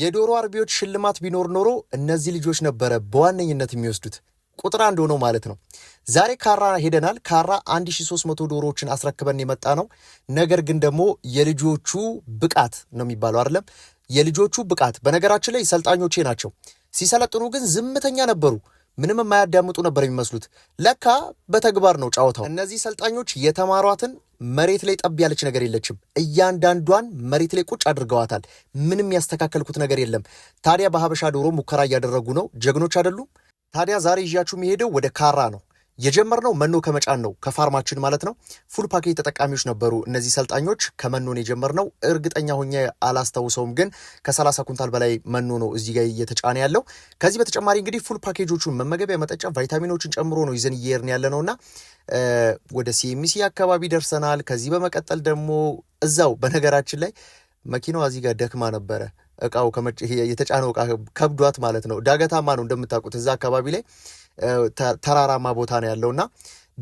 የዶሮ አርቢዎች ሽልማት ቢኖር ኖሮ እነዚህ ልጆች ነበረ በዋነኝነት የሚወስዱት ቁጥር አንድ ሆነው ማለት ነው። ዛሬ ካራ ሄደናል። ካራ 1300 ዶሮዎችን አስረክበን የመጣ ነው። ነገር ግን ደግሞ የልጆቹ ብቃት ነው የሚባለው አይደለም። የልጆቹ ብቃት በነገራችን ላይ ሰልጣኞቼ ናቸው። ሲሰለጥኑ ግን ዝምተኛ ነበሩ። ምንም የማያዳምጡ ነበር የሚመስሉት። ለካ በተግባር ነው ጫወታው። እነዚህ ሰልጣኞች የተማሯትን መሬት ላይ ጠብ ያለች ነገር የለችም። እያንዳንዷን መሬት ላይ ቁጭ አድርገዋታል። ምንም ያስተካከልኩት ነገር የለም። ታዲያ በሀበሻ ዶሮ ሙከራ እያደረጉ ነው። ጀግኖች አይደሉም? ታዲያ ዛሬ ይዣችሁ የሚሄደው ወደ ካራ ነው። የጀመርነው መኖ ከመጫን ነው ከፋርማችን ማለት ነው። ፉል ፓኬጅ ተጠቃሚዎች ነበሩ እነዚህ ሰልጣኞች። ከመኖን የጀመርነው እርግጠኛ ሆኜ አላስታውሰውም፣ ግን ከሰላሳ ኩንታል በላይ መኖ ነው እዚህ ጋር እየተጫነ ያለው። ከዚህ በተጨማሪ እንግዲህ ፉል ፓኬጆቹን መመገቢያ፣ መጠጫ፣ ቫይታሚኖችን ጨምሮ ነው ይዘን እየሄድን ያለ እና ወደ ሲኤምሲ አካባቢ ደርሰናል። ከዚህ በመቀጠል ደግሞ እዛው በነገራችን ላይ መኪናዋ እዚህ ጋር ደክማ ነበረ እቃው የተጫነው እቃ ከብዷት ማለት ነው። ዳገታማ ነው እንደምታውቁት እዛ አካባቢ ላይ ተራራማ ቦታ ነው ያለው እና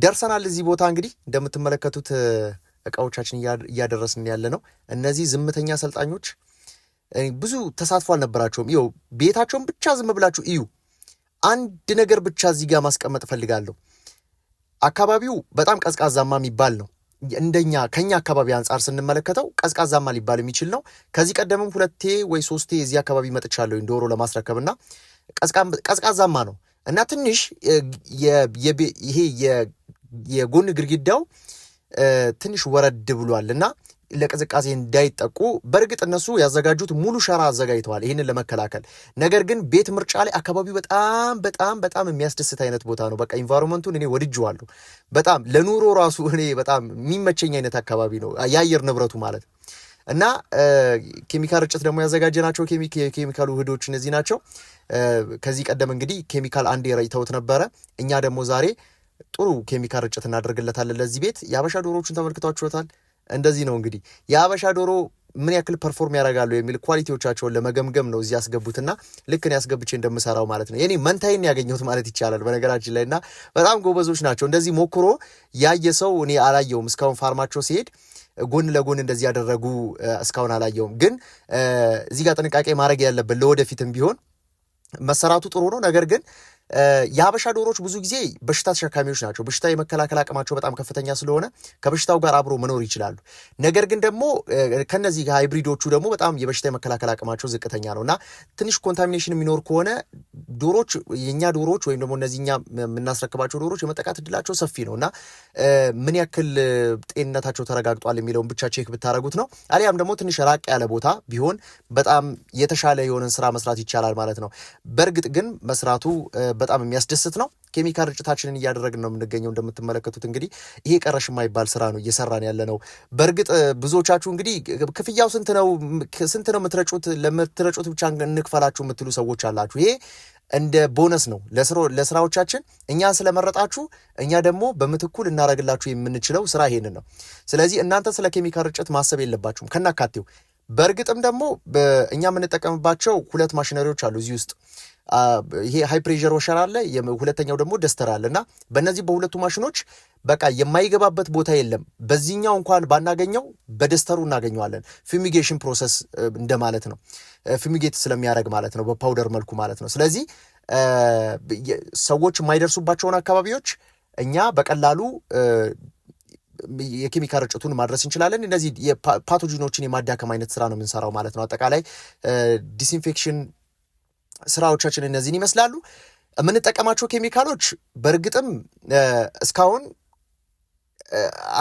ደርሰናል እዚህ ቦታ እንግዲህ እንደምትመለከቱት እቃዎቻችን እያደረስን ያለ ነው። እነዚህ ዝምተኛ አሰልጣኞች ብዙ ተሳትፎ አልነበራቸውም። ይኸው ቤታቸውን ብቻ ዝም ብላችሁ እዩ። አንድ ነገር ብቻ እዚህ ጋር ማስቀመጥ እፈልጋለሁ። አካባቢው በጣም ቀዝቃዛማ የሚባል ነው። እንደኛ ከኛ አካባቢ አንጻር ስንመለከተው ቀዝቃዛማ ሊባል የሚችል ነው። ከዚህ ቀደምም ሁለቴ ወይ ሶስቴ እዚህ አካባቢ መጥቻለሁ ዶሮ ለማስረከብ እና ቀዝቃዛማ ነው። እና ትንሽ ይሄ የጎን ግድግዳው ትንሽ ወረድ ብሏል እና ለቅዝቃዜ እንዳይጠቁ በእርግጥ እነሱ ያዘጋጁት ሙሉ ሸራ አዘጋጅተዋል ይህንን ለመከላከል። ነገር ግን ቤት ምርጫ ላይ አካባቢው በጣም በጣም በጣም የሚያስደስት አይነት ቦታ ነው። በቃ ኢንቫይሮንመንቱን እኔ ወድጄዋለሁ። በጣም ለኑሮ ራሱ እኔ በጣም የሚመቸኝ አይነት አካባቢ ነው፣ የአየር ንብረቱ ማለት እና ኬሚካል ርጭት ደግሞ ያዘጋጀናቸው ኬሚካል ውህዶች እነዚህ ናቸው። ከዚህ ቀደም እንግዲህ ኬሚካል አንዴ ረጭተውት ነበረ። እኛ ደግሞ ዛሬ ጥሩ ኬሚካል ርጭት እናደርግለታለን ለዚህ ቤት። የአበሻ ዶሮዎችን ተመልክቷችሁታል። እንደዚህ ነው እንግዲህ የአበሻ ዶሮ ምን ያክል ፐርፎርም ያደርጋሉ የሚል ኳሊቲዎቻቸውን ለመገምገም ነው እዚህ ያስገቡትና ልክን ያስገብቼ እንደምሰራው ማለት ነው። የኔ መንታይን ያገኘሁት ማለት ይቻላል በነገራችን ላይ እና በጣም ጎበዞች ናቸው። እንደዚህ ሞክሮ ያየ ሰው እኔ አላየውም እስካሁን ፋርማቸው ሲሄድ ጎን ለጎን እንደዚህ ያደረጉ እስካሁን አላየውም። ግን እዚህ ጋር ጥንቃቄ ማድረግ ያለብን ለወደፊትም ቢሆን መሰራቱ ጥሩ ነው። ነገር ግን የሀበሻ ዶሮዎች ብዙ ጊዜ በሽታ ተሸካሚዎች ናቸው። በሽታ የመከላከል አቅማቸው በጣም ከፍተኛ ስለሆነ ከበሽታው ጋር አብሮ መኖር ይችላሉ። ነገር ግን ደግሞ ከነዚህ ሃይብሪዶቹ ደግሞ በጣም የበሽታ የመከላከል አቅማቸው ዝቅተኛ ነው እና ትንሽ ኮንታሚኔሽን የሚኖር ከሆነ ዶሮች የእኛ ዶሮዎች ወይም ደግሞ እነዚህ እኛ የምናስረክባቸው ዶሮች የመጠቃት እድላቸው ሰፊ ነው እና ምን ያክል ጤንነታቸው ተረጋግጧል የሚለውን ብቻ ቼክ ብታደረጉት ነው። አሊያም ደግሞ ትንሽ ራቅ ያለ ቦታ ቢሆን በጣም የተሻለ የሆነን ስራ መስራት ይቻላል ማለት ነው። በእርግጥ ግን መስራቱ በጣም የሚያስደስት ነው። ኬሚካል ርጭታችንን እያደረግን ነው የምንገኘው። እንደምትመለከቱት እንግዲህ ይሄ ቀረሽ የማይባል ስራ ነው እየሰራን ያለ ነው። በእርግጥ ብዙዎቻችሁ እንግዲህ ክፍያው ስንት ነው ስንት ነው የምትረጩት ለምትረጩት ብቻ እንክፈላችሁ የምትሉ ሰዎች አላችሁ። ይሄ እንደ ቦነስ ነው ለስራዎቻችን። እኛ ስለመረጣችሁ እኛ ደግሞ በምትኩ ልናደርግላችሁ የምንችለው ስራ ይሄንን ነው። ስለዚህ እናንተ ስለ ኬሚካል ርጭት ማሰብ የለባችሁም ከናካቴው። በእርግጥም ደግሞ እኛ የምንጠቀምባቸው ሁለት ማሽነሪዎች አሉ እዚህ ውስጥ ይሄ ሃይ ፕሬዠር ወሸር አለ፣ ሁለተኛው ደግሞ ደስተር አለ እና በእነዚህ በሁለቱ ማሽኖች በቃ የማይገባበት ቦታ የለም። በዚህኛው እንኳን ባናገኘው በደስተሩ እናገኘዋለን። ፊሚጌሽን ፕሮሰስ እንደማለት ነው። ፊሚጌት ስለሚያደርግ ማለት ነው፣ በፓውደር መልኩ ማለት ነው። ስለዚህ ሰዎች የማይደርሱባቸውን አካባቢዎች እኛ በቀላሉ የኬሚካል ርጭቱን ማድረስ እንችላለን። እነዚህ ፓቶጂኖችን የማዳከም አይነት ስራ ነው የምንሰራው ማለት ነው። አጠቃላይ ዲስኢንፌክሽን ስራዎቻችን እነዚህን ይመስላሉ። የምንጠቀማቸው ኬሚካሎች በእርግጥም እስካሁን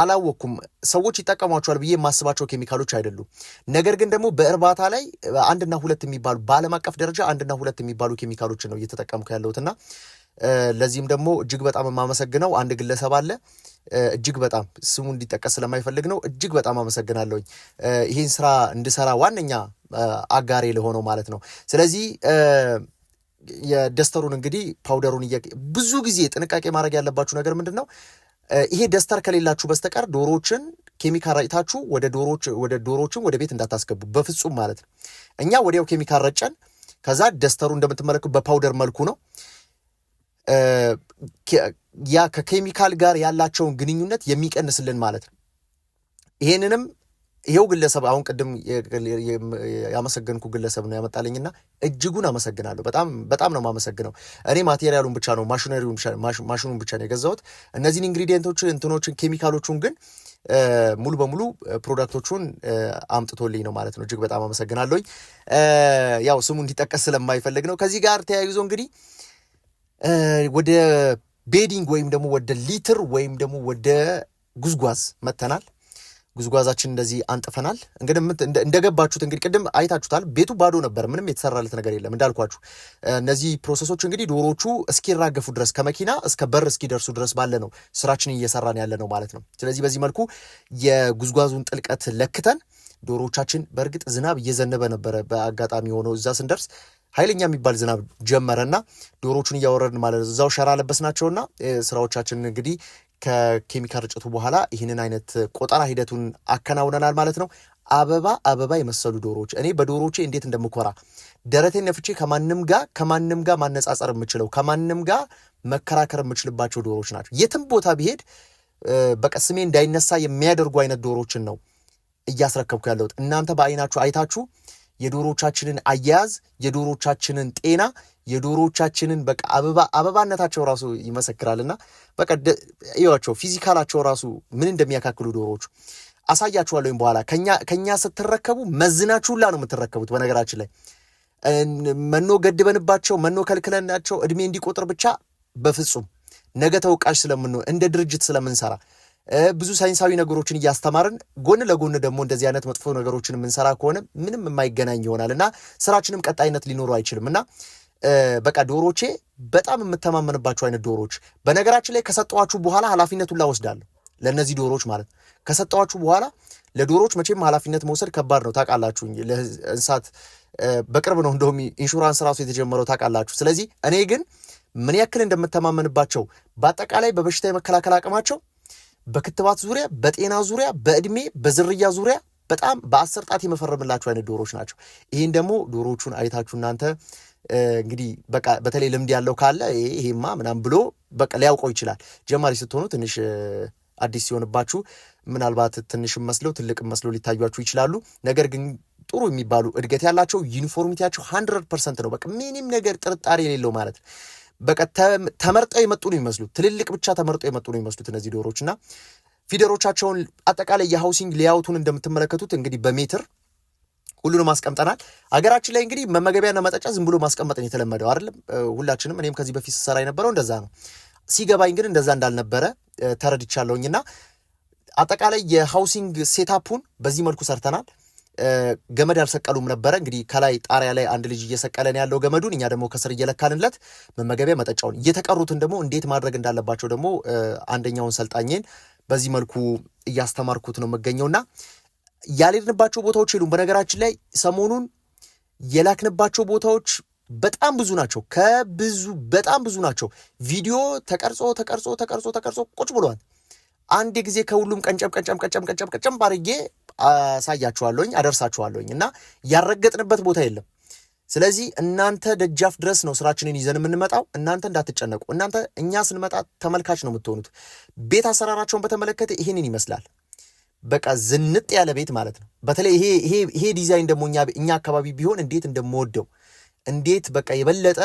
አላወቅኩም ሰዎች ይጠቀሟቸዋል ብዬ የማስባቸው ኬሚካሎች አይደሉም። ነገር ግን ደግሞ በእርባታ ላይ አንድና ሁለት የሚባሉ በዓለም አቀፍ ደረጃ አንድና ሁለት የሚባሉ ኬሚካሎችን ነው እየተጠቀምኩ ያለሁትና ለዚህም ደግሞ እጅግ በጣም የማመሰግነው አንድ ግለሰብ አለ እጅግ በጣም ስሙ እንዲጠቀስ ስለማይፈልግ ነው። እጅግ በጣም አመሰግናለሁኝ ይህን ስራ እንድሰራ ዋነኛ አጋሬ ለሆነው ማለት ነው። ስለዚህ የደስተሩን እንግዲህ ፓውደሩን ብዙ ጊዜ ጥንቃቄ ማድረግ ያለባችሁ ነገር ምንድን ነው? ይሄ ደስተር ከሌላችሁ በስተቀር ዶሮዎችን ኬሚካል ረጭታችሁ ወደ ዶሮች ወደ ዶሮዎችን ወደ ቤት እንዳታስገቡ በፍጹም ማለት ነው። እኛ ወዲያው ኬሚካል ረጨን። ከዛ ደስተሩ እንደምትመለከቱ በፓውደር መልኩ ነው ያ ከኬሚካል ጋር ያላቸውን ግንኙነት የሚቀንስልን ማለት ነው። ይሄንንም ይሄው ግለሰብ አሁን ቅድም ያመሰገንኩ ግለሰብ ነው ያመጣልኝና እጅጉን አመሰግናለሁ። በጣም በጣም ነው የማመሰግነው። እኔ ማቴሪያሉን ብቻ ነው ማሽነሪውን ማሽኑን ብቻ ነው የገዛሁት። እነዚህን ኢንግሪዲየንቶችን እንትኖችን ኬሚካሎቹን ግን ሙሉ በሙሉ ፕሮዳክቶቹን አምጥቶልኝ ነው ማለት ነው። እጅግ በጣም አመሰግናለሁኝ። ያው ስሙ እንዲጠቀስ ስለማይፈልግ ነው። ከዚህ ጋር ተያይዞ እንግዲህ ወደ ቤዲንግ ወይም ደግሞ ወደ ሊትር ወይም ደግሞ ወደ ጉዝጓዝ መተናል። ጉዝጓዛችን እንደዚህ አንጥፈናል። እንግዲህ እንደገባችሁት እንግዲህ ቅድም አይታችሁታል። ቤቱ ባዶ ነበር፣ ምንም የተሰራለት ነገር የለም እንዳልኳችሁ። እነዚህ ፕሮሰሶች እንግዲህ ዶሮቹ እስኪራገፉ ድረስ ከመኪና እስከ በር እስኪደርሱ ድረስ ባለ ነው ስራችን እየሰራን ያለ ነው ማለት ነው። ስለዚህ በዚህ መልኩ የጉዝጓዙን ጥልቀት ለክተን ዶሮቻችን በእርግጥ ዝናብ እየዘነበ ነበረ። በአጋጣሚ ሆኖ እዛ ስንደርስ ኃይለኛ የሚባል ዝናብ ጀመረና ዶሮቹን እያወረድን ማለት እዛው ሸራ ለበስናቸውና ስራዎቻችን እንግዲህ ከኬሚካል ርጭቱ በኋላ ይህንን አይነት ቆጠራ ሂደቱን አከናውነናል ማለት ነው። አበባ አበባ የመሰሉ ዶሮዎች እኔ በዶሮዎቼ እንዴት እንደምኮራ ደረቴን ነፍቼ ከማንም ጋር ከማንም ጋር ማነጻጸር የምችለው ከማንም ጋር መከራከር የምችልባቸው ዶሮዎች ናቸው። የትም ቦታ ብሄድ በቃ ስሜ እንዳይነሳ የሚያደርጉ አይነት ዶሮዎችን ነው እያስረከብኩ ያለሁት። እናንተ በአይናችሁ አይታችሁ የዶሮቻችንን አያያዝ፣ የዶሮቻችንን ጤና፣ የዶሮቻችንን በቃ አበባ አበባነታቸው ራሱ ይመሰክራልና በቃ እዩዋቸው፣ ፊዚካላቸው ራሱ ምን እንደሚያካክሉ ዶሮዎቹ ወይም በኋላ ከኛ ስትረከቡ መዝናችሁላ ነው የምትረከቡት። በነገራችን ላይ መኖ ገድበንባቸው መኖ ከልክለናቸው እድሜ እንዲቆጥር ብቻ በፍጹም ነገ ተወቃሽ ስለምንሆን እንደ ድርጅት ስለምንሰራ ብዙ ሳይንሳዊ ነገሮችን እያስተማርን ጎን ለጎን ደግሞ እንደዚህ አይነት መጥፎ ነገሮችን የምንሰራ ከሆነ ምንም የማይገናኝ ይሆናል እና ስራችንም ቀጣይነት ሊኖረው አይችልም እና በቃ ዶሮቼ በጣም የምተማመንባቸው አይነት ዶሮች በነገራችን ላይ ከሰጠዋችሁ በኋላ ኃላፊነቱን ላወስዳለሁ ለእነዚህ ዶሮች ማለት ከሰጠዋችሁ በኋላ ለዶሮች መቼም ኃላፊነት መውሰድ ከባድ ነው ታውቃላችሁ። ለእንስሳት በቅርብ ነው እንደውም ኢንሹራንስ ራሱ የተጀመረው ታውቃላችሁ። ስለዚህ እኔ ግን ምን ያክል እንደምተማመንባቸው በአጠቃላይ በበሽታ የመከላከል አቅማቸው በክትባት ዙሪያ፣ በጤና ዙሪያ፣ በእድሜ በዝርያ ዙሪያ በጣም በአስር ጣት የመፈረምላቸው አይነት ዶሮዎች ናቸው። ይህን ደግሞ ዶሮዎቹን አይታችሁ እናንተ እንግዲህ በቃ በተለይ ልምድ ያለው ካለ ይሄማ ምናም ብሎ በቃ ሊያውቀው ይችላል። ጀማሪ ስትሆኑ ትንሽ አዲስ ሲሆንባችሁ ምናልባት ትንሽ መስለው ትልቅ መስለው ሊታዩችሁ ይችላሉ። ነገር ግን ጥሩ የሚባሉ እድገት ያላቸው ዩኒፎርሚቲያቸው ሀንድረድ ፐርሰንት ነው። በቃ ምንም ነገር ጥርጣሬ የሌለው ማለት ነው። በቃ ተመርጠው የመጡ ነው የሚመስሉት። ትልልቅ ብቻ ተመርጠው የመጡ ነው ይመስሉት እነዚህ ዶሮዎች እና ፊደሮቻቸውን አጠቃላይ የሃውሲንግ ሊያውቱን እንደምትመለከቱት እንግዲህ በሜትር ሁሉንም አስቀምጠናል። አገራችን ላይ እንግዲህ መመገቢያና መጠጫ ዝም ብሎ ማስቀመጥን የተለመደው አይደለም። ሁላችንም እኔም ከዚህ በፊት ስሰራ የነበረው እንደዛ ነው። ሲገባኝ ግን እንደዛ እንዳልነበረ ተረድቻለሁኝና አጠቃላይ የሃውሲንግ ሴታፑን በዚህ መልኩ ሰርተናል። ገመድ ያልሰቀሉም ነበረ። እንግዲህ ከላይ ጣሪያ ላይ አንድ ልጅ እየሰቀለን ያለው ገመዱን፣ እኛ ደግሞ ከስር እየለካልንለት መመገቢያ መጠጫውን፣ እየተቀሩትን ደግሞ እንዴት ማድረግ እንዳለባቸው ደግሞ አንደኛውን ሰልጣኝን በዚህ መልኩ እያስተማርኩት ነው የምገኘውና ያልሄድንባቸው ቦታዎች የሉም። በነገራችን ላይ ሰሞኑን የላክንባቸው ቦታዎች በጣም ብዙ ናቸው። ከብዙ በጣም ብዙ ናቸው። ቪዲዮ ተቀርጾ ተቀርጾ ተቀርጾ ተቀርጾ ቁጭ ብሏል። አንድ ጊዜ ከሁሉም ቀንጨም ቀንጨም ቀንጨም ቀንጨም ቀንጨም ባርጌ አሳያችኋለሁኝ አደርሳችኋለሁኝ እና ያረገጥንበት ቦታ የለም። ስለዚህ እናንተ ደጃፍ ድረስ ነው ስራችንን ይዘን የምንመጣው። እናንተ እንዳትጨነቁ። እናንተ እኛ ስንመጣ ተመልካች ነው የምትሆኑት። ቤት አሰራራቸውን በተመለከተ ይህንን ይመስላል። በቃ ዝንጥ ያለ ቤት ማለት ነው። በተለይ ይሄ ዲዛይን ደግሞ እኛ አካባቢ ቢሆን እንዴት እንደምወደው እንዴት በቃ የበለጠ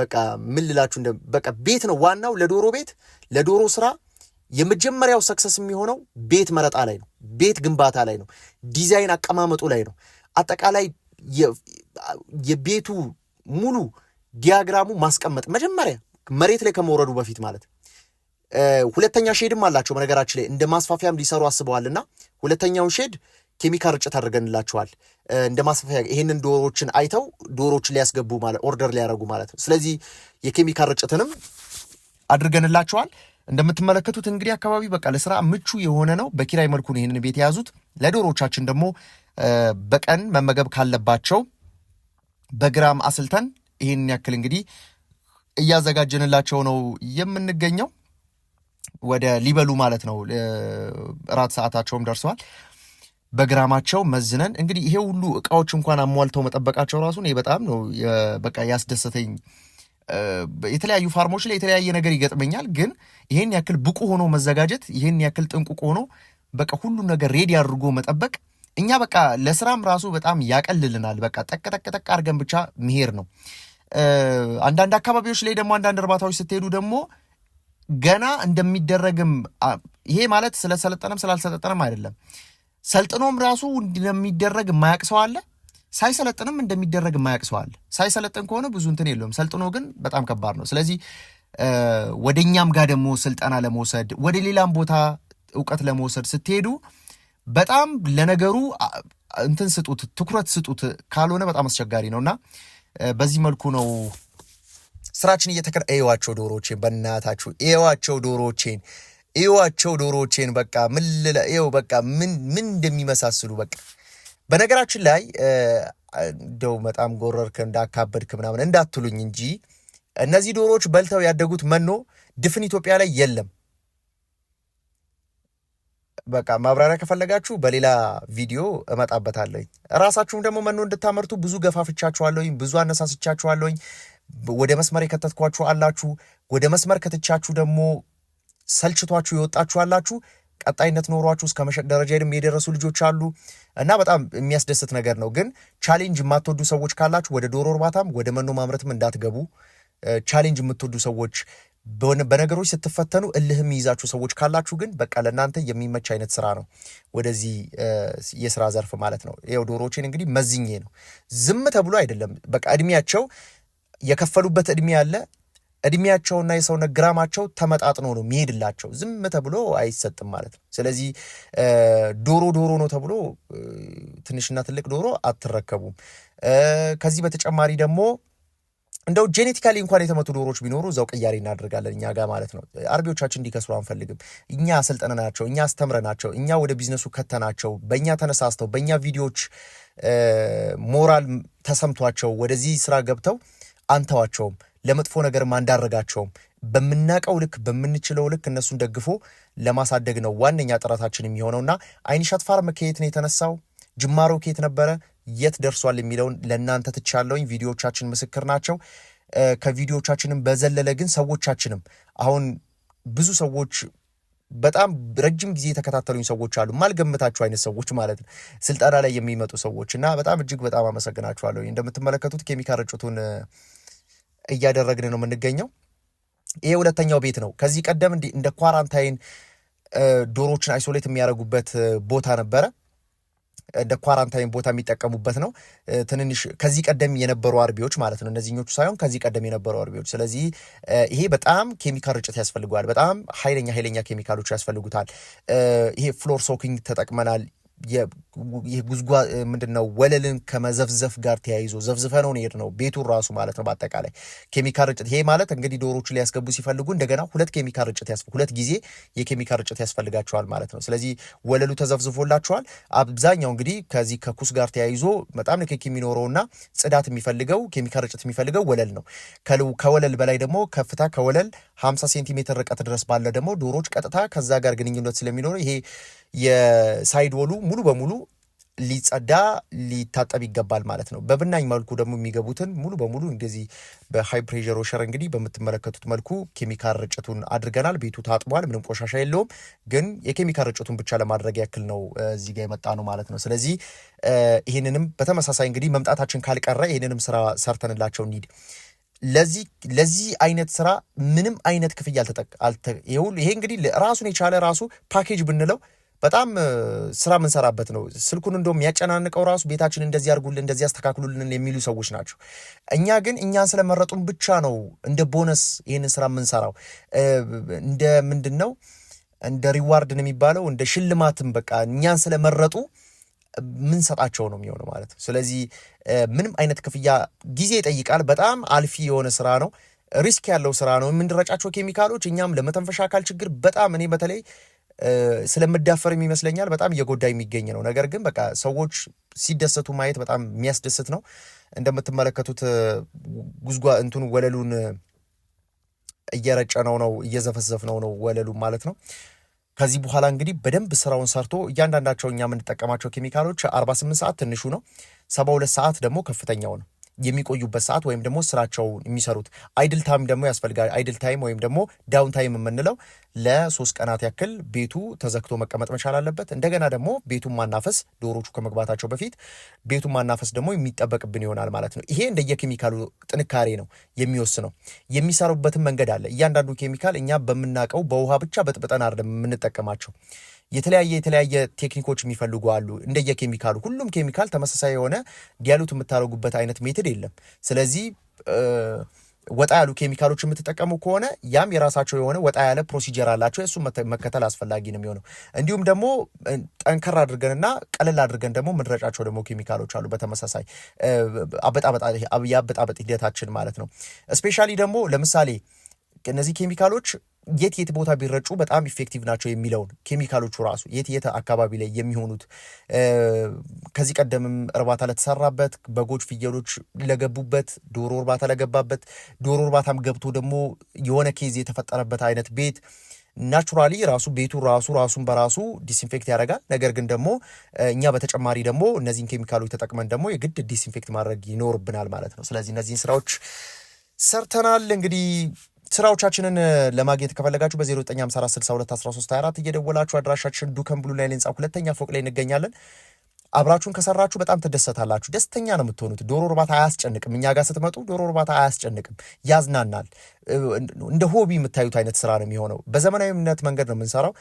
በቃ ምን ልላችሁ በቃ ቤት ነው ዋናው ለዶሮ ቤት ለዶሮ ስራ የመጀመሪያው ሰክሰስ የሚሆነው ቤት መረጣ ላይ ነው። ቤት ግንባታ ላይ ነው። ዲዛይን አቀማመጡ ላይ ነው። አጠቃላይ የቤቱ ሙሉ ዲያግራሙ ማስቀመጥ መጀመሪያ መሬት ላይ ከመውረዱ በፊት ማለት። ሁለተኛ ሼድም አላቸው በነገራችን ላይ እንደ ማስፋፊያም ሊሰሩ አስበዋልና ሁለተኛውን ሼድ ኬሚካል ርጭት አድርገንላቸዋል እንደ ማስፋፊያ ይሄንን ዶሮችን አይተው ዶሮችን ሊያስገቡ ማለት ኦርደር ሊያደርጉ ማለት ነው። ስለዚህ የኬሚካል ርጭትንም አድርገንላቸዋል። እንደምትመለከቱት እንግዲህ አካባቢ በቃ ለስራ ምቹ የሆነ ነው። በኪራይ መልኩ ነው ይህንን ቤት የያዙት። ለዶሮቻችን ደግሞ በቀን መመገብ ካለባቸው በግራም አስልተን ይህንን ያክል እንግዲህ እያዘጋጀንላቸው ነው የምንገኘው። ወደ ሊበሉ ማለት ነው። እራት ሰዓታቸውም ደርሰዋል። በግራማቸው መዝነን እንግዲህ ይሄ ሁሉ እቃዎች እንኳን አሟልተው መጠበቃቸው ራሱን በጣም ነው በቃ ያስደሰተኝ የተለያዩ ፋርሞች ላይ የተለያየ ነገር ይገጥመኛል። ግን ይሄን ያክል ብቁ ሆኖ መዘጋጀት፣ ይሄን ያክል ጥንቁቅ ሆኖ በቃ ሁሉ ነገር ሬዲ አድርጎ መጠበቅ እኛ በቃ ለስራም ራሱ በጣም ያቀልልናል። በቃ ጠቅ አርገን አድርገን ብቻ መሄድ ነው። አንዳንድ አካባቢዎች ላይ ደግሞ አንዳንድ እርባታዎች ስትሄዱ ደግሞ ገና እንደሚደረግም ይሄ ማለት ስለሰለጠነም ስላልሰለጠነም አይደለም፣ ሰልጥኖም ራሱ እንደሚደረግ የማያውቅ ሰው አለ። ሳይሰለጥንም እንደሚደረግ የማያውቅ ሰው አለ። ሳይሰለጥን ከሆነ ብዙ እንትን የለውም። ሰልጥኖ ግን በጣም ከባድ ነው። ስለዚህ ወደ እኛም ጋር ደግሞ ስልጠና ለመውሰድ ወደ ሌላም ቦታ እውቀት ለመውሰድ ስትሄዱ በጣም ለነገሩ እንትን ስጡት፣ ትኩረት ስጡት። ካልሆነ በጣም አስቸጋሪ ነው እና በዚህ መልኩ ነው ስራችን እየተከረ እዩዋቸው ዶሮቼን፣ በእናታችሁ እዩዋቸው ዶሮቼን፣ እዩዋቸው ዶሮቼን። በቃ ምን ልለ ይኸው በቃ ምን ምን እንደሚመሳስሉ በቃ በነገራችን ላይ እንደው በጣም ጎረርክ እንዳካበድክ ምናምን እንዳትሉኝ እንጂ እነዚህ ዶሮዎች በልተው ያደጉት መኖ ድፍን ኢትዮጵያ ላይ የለም። በቃ ማብራሪያ ከፈለጋችሁ በሌላ ቪዲዮ እመጣበታለኝ። ራሳችሁም ደግሞ መኖ እንድታመርቱ ብዙ ገፋፍቻችኋለሁኝ፣ ብዙ አነሳስቻችኋለሁኝ። ወደ መስመር የከተትኳችሁ አላችሁ፣ ወደ መስመር ከትቻችሁ ደግሞ ሰልችቷችሁ የወጣችሁ አላችሁ። ቀጣይነት ኖሯችሁ እስከ መሸጥ ደረጃ ሄድም የደረሱ ልጆች አሉ እና በጣም የሚያስደስት ነገር ነው። ግን ቻሌንጅ የማትወዱ ሰዎች ካላችሁ ወደ ዶሮ እርባታም ወደ መኖ ማምረትም እንዳትገቡ። ቻሌንጅ የምትወዱ ሰዎች በነገሮች ስትፈተኑ እልህም ይይዛችሁ ሰዎች ካላችሁ ግን በቃ ለእናንተ የሚመች አይነት ስራ ነው፣ ወደዚህ የስራ ዘርፍ ማለት ነው። ይኸው ዶሮዎችን እንግዲህ መዝኜ ነው። ዝም ተብሎ አይደለም። በቃ እድሜያቸው የከፈሉበት እድሜ አለ። እድሜያቸውና የሰውነት ግራማቸው ተመጣጥኖ ነው የሚሄድላቸው። ዝም ተብሎ አይሰጥም ማለት ነው። ስለዚህ ዶሮ ዶሮ ነው ተብሎ ትንሽና ትልቅ ዶሮ አትረከቡም። ከዚህ በተጨማሪ ደግሞ እንደው ጄኔቲካሊ እንኳን የተመቱ ዶሮዎች ቢኖሩ እዛው ቅያሬ እናደርጋለን እኛ ጋር ማለት ነው። አርቢዎቻችን እንዲከስሩ አንፈልግም። እኛ አሰልጠነናቸው፣ እኛ አስተምረናቸው፣ እኛ ወደ ቢዝነሱ ከተናቸው፣ በእኛ ተነሳስተው፣ በእኛ ቪዲዮዎች ሞራል ተሰምቷቸው ወደዚህ ስራ ገብተው አንተዋቸውም። ለመጥፎ ነገርም አንዳረጋቸውም። በምናቀው ልክ በምንችለው ልክ እነሱን ደግፎ ለማሳደግ ነው ዋነኛ ጥረታችን የሚሆነውና አይንሻት ፋርም ከየት ነው የተነሳው? ጅማሮ ከየት ነበረ? የት ደርሷል? የሚለውን ለእናንተ ትቻለውኝ። ቪዲዮቻችን ምስክር ናቸው። ከቪዲዮቻችንም በዘለለ ግን ሰዎቻችንም አሁን ብዙ ሰዎች በጣም ረጅም ጊዜ የተከታተሉኝ ሰዎች አሉ። ማልገምታችሁ አይነት ሰዎች ማለት ነው፣ ስልጠና ላይ የሚመጡ ሰዎች እና በጣም እጅግ በጣም አመሰግናችኋለሁ። እንደምትመለከቱት ኬሚካል ርጭቱን እያደረግን ነው የምንገኘው። ይሄ ሁለተኛው ቤት ነው። ከዚህ ቀደም እንዲህ እንደ ኳራንታይን ዶሮችን አይሶሌት የሚያደርጉበት ቦታ ነበረ። እንደ ኳራንታይን ቦታ የሚጠቀሙበት ነው። ትንንሽ ከዚህ ቀደም የነበሩ አርቢዎች ማለት ነው፣ እነዚህኞቹ ሳይሆን ከዚህ ቀደም የነበሩ አርቢዎች። ስለዚህ ይሄ በጣም ኬሚካል ርጭት ያስፈልገዋል። በጣም ኃይለኛ ኃይለኛ ኬሚካሎች ያስፈልጉታል። ይሄ ፍሎር ሶኪንግ ተጠቅመናል። ጉዝጓ ምንድን ነው ወለልን ከመዘፍዘፍ ጋር ተያይዞ ዘፍዝፈ ነው ሄድ ነው ቤቱን ራሱ ማለት ነው። በአጠቃላይ ኬሚካል ርጭት ይሄ ማለት እንግዲህ ዶሮቹ ሊያስገቡ ሲፈልጉ እንደገና ሁለት ኬሚካል ርጭት ሁለት ጊዜ የኬሚካል ርጭት ያስፈልጋቸዋል ማለት ነው። ስለዚህ ወለሉ ተዘፍዝፎላቸዋል። አብዛኛው እንግዲህ ከዚህ ከኩስ ጋር ተያይዞ በጣም ንክኪ የሚኖረውና ጽዳት የሚፈልገው ኬሚካል ርጭት የሚፈልገው ወለል ነው። ከወለል በላይ ደግሞ ከፍታ ከወለል 50 ሴንቲሜትር ርቀት ድረስ ባለ ደግሞ ዶሮች ቀጥታ ከዛ ጋር ግንኙነት ስለሚኖረው ይሄ የሳይድ ወሉ ሙሉ በሙሉ ሊጸዳ ሊታጠብ ይገባል ማለት ነው። በብናኝ መልኩ ደግሞ የሚገቡትን ሙሉ በሙሉ እንደዚህ በሃይ ፕሬዠር ወሸር እንግዲህ በምትመለከቱት መልኩ ኬሚካል ርጭቱን አድርገናል። ቤቱ ታጥቧል፣ ምንም ቆሻሻ የለውም። ግን የኬሚካል ርጭቱን ብቻ ለማድረግ ያክል ነው እዚህ ጋር የመጣ ነው ማለት ነው። ስለዚህ ይህንንም በተመሳሳይ እንግዲህ መምጣታችን ካልቀረ ይህንንም ስራ ሰርተንላቸው እንሂድ። ለዚህ ለዚህ አይነት ስራ ምንም አይነት ክፍያ አልተጠቅ ይሄ እንግዲህ ራሱን የቻለ ራሱ ፓኬጅ ብንለው በጣም ስራ የምንሰራበት ነው። ስልኩን እንደ የሚያጨናንቀው ራሱ ቤታችን እንደዚህ አድርጉልን፣ እንደዚህ አስተካክሉልን የሚሉ ሰዎች ናቸው። እኛ ግን እኛን ስለመረጡን ብቻ ነው እንደ ቦነስ ይህንን ስራ የምንሰራው። እንደ ምንድን ነው እንደ ሪዋርድ ነው የሚባለው፣ እንደ ሽልማትም በቃ እኛን ስለመረጡ ምንሰጣቸው ነው የሚሆነው ማለት ነው። ስለዚህ ምንም አይነት ክፍያ ጊዜ ይጠይቃል። በጣም አልፊ የሆነ ስራ ነው። ሪስክ ያለው ስራ ነው። የምንረጫቸው ኬሚካሎች እኛም ለመተንፈሻ አካል ችግር በጣም እኔ በተለይ ስለምዳፈርም ይመስለኛል በጣም እየጎዳ የሚገኝ ነው። ነገር ግን በቃ ሰዎች ሲደሰቱ ማየት በጣም የሚያስደስት ነው። እንደምትመለከቱት ጉዝጓ እንትኑ ወለሉን እየረጨ ነው ነው እየዘፈዘፍ ነው ነው ወለሉ ማለት ነው። ከዚህ በኋላ እንግዲህ በደንብ ስራውን ሰርቶ እያንዳንዳቸው እኛ የምንጠቀማቸው ኬሚካሎች 48 ሰዓት ትንሹ ነው፣ 72 ሰዓት ደግሞ ከፍተኛው ነው። የሚቆዩበት ሰዓት ወይም ደግሞ ስራቸው የሚሰሩት አይድል ታይም ደግሞ ያስፈልጋል። አይድል ታይም ወይም ደግሞ ዳውን ታይም የምንለው ለሶስት ቀናት ያክል ቤቱ ተዘግቶ መቀመጥ መቻል አለበት። እንደገና ደግሞ ቤቱን ማናፈስ ዶሮቹ ከመግባታቸው በፊት ቤቱን ማናፈስ ደግሞ የሚጠበቅብን ይሆናል ማለት ነው። ይሄ እንደ የኬሚካሉ ጥንካሬ ነው የሚወስነው። የሚሰሩበትን መንገድ አለ። እያንዳንዱ ኬሚካል እኛ በምናውቀው በውሃ ብቻ በጥብጠን አይደለም የምንጠቀማቸው የተለያየ የተለያየ ቴክኒኮች የሚፈልጉ አሉ። እንደየኬሚካሉ ሁሉም ኬሚካል ተመሳሳይ የሆነ ዲያሉት የምታደርጉበት አይነት ሜትድ የለም። ስለዚህ ወጣ ያሉ ኬሚካሎች የምትጠቀሙ ከሆነ ያም የራሳቸው የሆነ ወጣ ያለ ፕሮሲጀር አላቸው። የእሱ መከተል አስፈላጊ ነው የሚሆነው። እንዲሁም ደግሞ ጠንከር አድርገንና ቀለል አድርገን ደግሞ ምንረጫቸው ደግሞ ኬሚካሎች አሉ። በተመሳሳይ የአበጣበጥ ሂደታችን ማለት ነው። ስፔሻሊ ደግሞ ለምሳሌ እነዚህ ኬሚካሎች የት የት ቦታ ቢረጩ በጣም ኢፌክቲቭ ናቸው የሚለውን ኬሚካሎቹ ራሱ የት የት አካባቢ ላይ የሚሆኑት ከዚህ ቀደምም እርባታ ለተሰራበት በጎች፣ ፍየሎች ለገቡበት፣ ዶሮ እርባታ ለገባበት፣ ዶሮ እርባታም ገብቶ ደግሞ የሆነ ኬዝ የተፈጠረበት አይነት ቤት ናቹራሊ ራሱ ቤቱ ራሱ ራሱን በራሱ ዲስኢንፌክት ያደርጋል። ነገር ግን ደግሞ እኛ በተጨማሪ ደግሞ እነዚህን ኬሚካሎች ተጠቅመን ደግሞ የግድ ዲስኢንፌክት ማድረግ ይኖርብናል ማለት ነው። ስለዚህ እነዚህን ስራዎች ሰርተናል እንግዲህ ስራዎቻችንን ለማግኘት ከፈለጋችሁ በ 0954 እየደወላችሁ አድራሻችን ዱከም ብሉ ላይ ህንፃ ሁለተኛ ፎቅ ላይ እንገኛለን። አብራችሁን ከሰራችሁ በጣም ትደሰታላችሁ። ደስተኛ ነው የምትሆኑት። ዶሮ እርባታ አያስጨንቅም። እኛ ጋር ስትመጡ ዶሮ እርባታ አያስጨንቅም፣ ያዝናናል። እንደ ሆቢ የምታዩት አይነት ስራ ነው የሚሆነው። በዘመናዊነት መንገድ ነው የምንሰራው።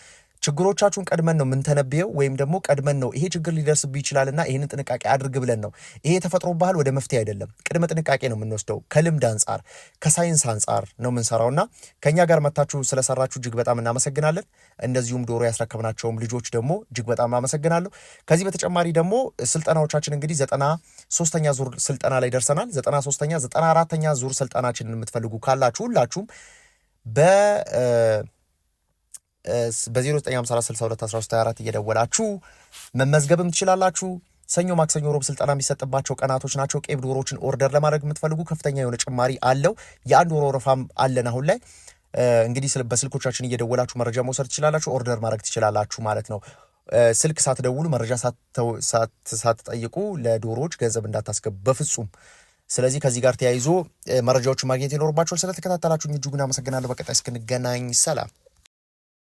ችግሮቻችሁን ቀድመን ነው የምንተነብየው ወይም ደግሞ ቀድመን ነው ይሄ ችግር ሊደርስብህ ይችላልና ይህንን ጥንቃቄ አድርግ ብለን ነው። ይሄ የተፈጥሮ ባህል ወደ መፍትሄ አይደለም፣ ቅድመ ጥንቃቄ ነው የምንወስደው። ከልምድ አንጻር ከሳይንስ አንጻር ነው የምንሰራው እና ከእኛ ጋር መታችሁ ስለሰራችሁ እጅግ በጣም እናመሰግናለን። እንደዚሁም ዶሮ ያስረከብናቸውም ልጆች ደግሞ እጅግ በጣም አመሰግናለሁ። ከዚህ በተጨማሪ ደግሞ ስልጠናዎቻችን እንግዲህ ዘጠና ሶስተኛ ዙር ስልጠና ላይ ደርሰናል። ዘጠና ሶስተኛ ዘጠና አራተኛ ዙር ስልጠናችንን የምትፈልጉ ካላችሁ ሁላችሁም በ በ0954621324 እየደወላችሁ መመዝገብም ትችላላችሁ። ሰኞ፣ ማክሰኞ፣ ሮብ ስልጠና የሚሰጥባቸው ቀናቶች ናቸው። ቄብ ዶሮዎችን ኦርደር ለማድረግ የምትፈልጉ ከፍተኛ የሆነ ጭማሪ አለው። የአንድ ዶሮ ረፋም አለን አሁን ላይ እንግዲህ በስልኮቻችን እየደወላችሁ መረጃ መውሰድ ትችላላችሁ፣ ኦርደር ማድረግ ትችላላችሁ ማለት ነው። ስልክ ሳትደውሉ መረጃ ሳትጠይቁ ለዶሮዎች ገንዘብ እንዳታስገቡ በፍጹም። ስለዚህ ከዚህ ጋር ተያይዞ መረጃዎችን ማግኘት ይኖርባችኋል። ስለተከታተላችሁኝ እጅጉን አመሰግናለሁ። በቀጣይ እስክንገናኝ ሰላም።